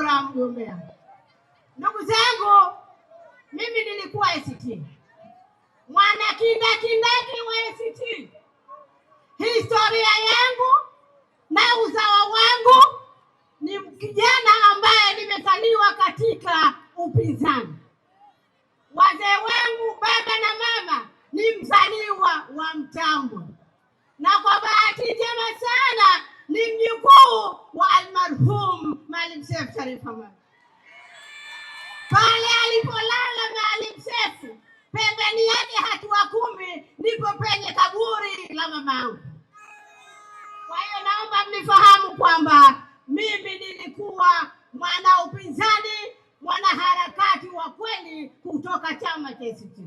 bora mgombea. Ndugu zangu, mimi nilikuwa ACT mwana kindakindaki wa ACT. Historia yangu na uzawa wangu ni kijana ambaye nimezaliwa katika upinzani. Wazee wangu baba na mama ni mzaliwa wa Mtambwe, na kwa bahati njema sana ni mjukuu wa almarhum Maalim Seif Sharif Hamad pale alipolala Maalim Seif, pembeni yake hatua kumi ndipo penye kaburi la mamangu. Kwa hiyo naomba mnifahamu kwamba mimi nilikuwa mwana upinzani, mwanaharakati wa kweli kutoka chama cha ACT.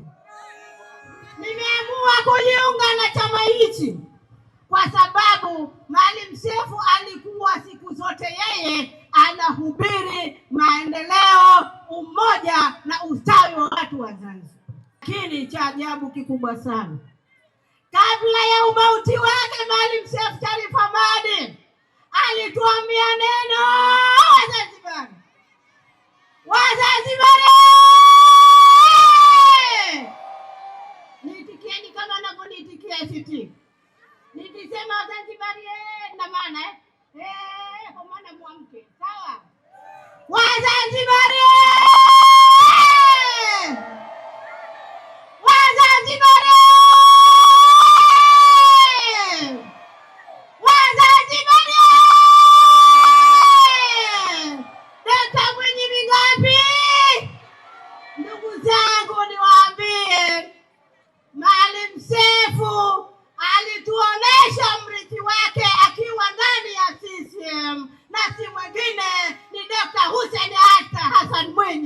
Nimeamua kujiunga na chama hichi kwa sababu Maalim Seif alikuwa siku zote yeye anahubiri maendeleo, umoja na ustawi wa watu wa Zanzibar. Lakini cha ajabu kikubwa sana, kabla ya umauti wake Maalim Seif Sharif Hamad alituambia neno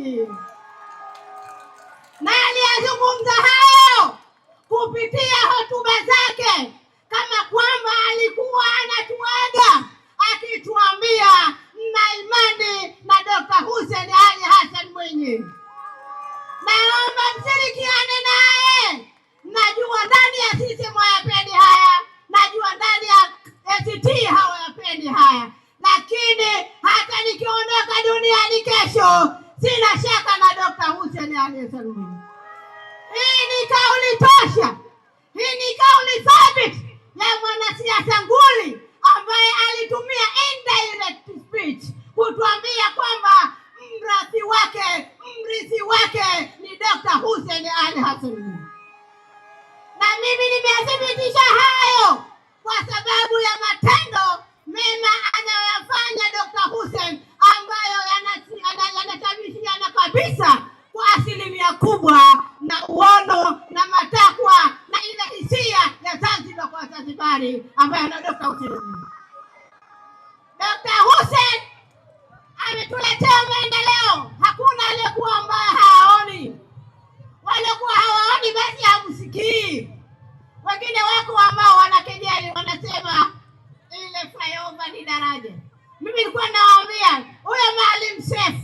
Nani Na hayo kupitia hotuba zake, kama kwamba alikuwa anatuaga akituambia, na imani na Dr. Hussein Ali Hassan Mwinyi. Naomba mshirikiane naye, najua ndani ya sisi mwaya saluni. Hii ni kauli tosha, hii ni kauli thabiti ya mwanasiasa nguli ambaye alitumia habari ambaye anaondoka hotelini. Dr. Hussein ametuletea maendeleo, hakuna aliyekuwa ambaye hawaoni. Waliokuwa hawaoni basi hamsikii. Wengine wako ambao wanakejeli, wanasema ile fayoba ni daraja. Mimi nilikuwa nawaambia huyo Maalim Seif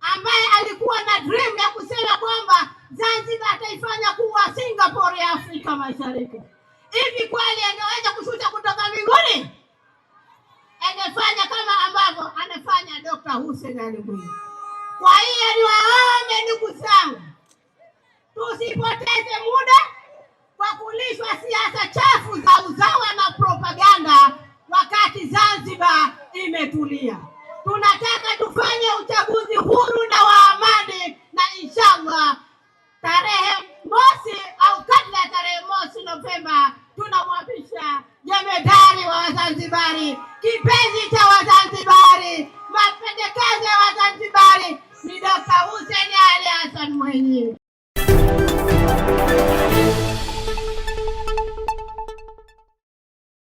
ambaye alikuwa na dream ya kusema kwamba Zanzibar ataifanya kuwa Singapore ya Afrika Mashariki. amefanya kama ambavyo amefanya Dr. Hussein Ali Mwinyi. Kwa hiyo niwaombe ndugu zangu, tusipoteze muda kwa kulishwa siasa chafu za uzawa na propaganda wakati Zanzibar imetulia. Tunataka tufanye uchaguzi huru na wa amani, na inshallah tarehe mosi au kabla ya tarehe mosi Novemba tunamwapisha jemedari wa Wazanzibari kipenzi cha Wazanzibari, mapendekezo ya Wazanzibari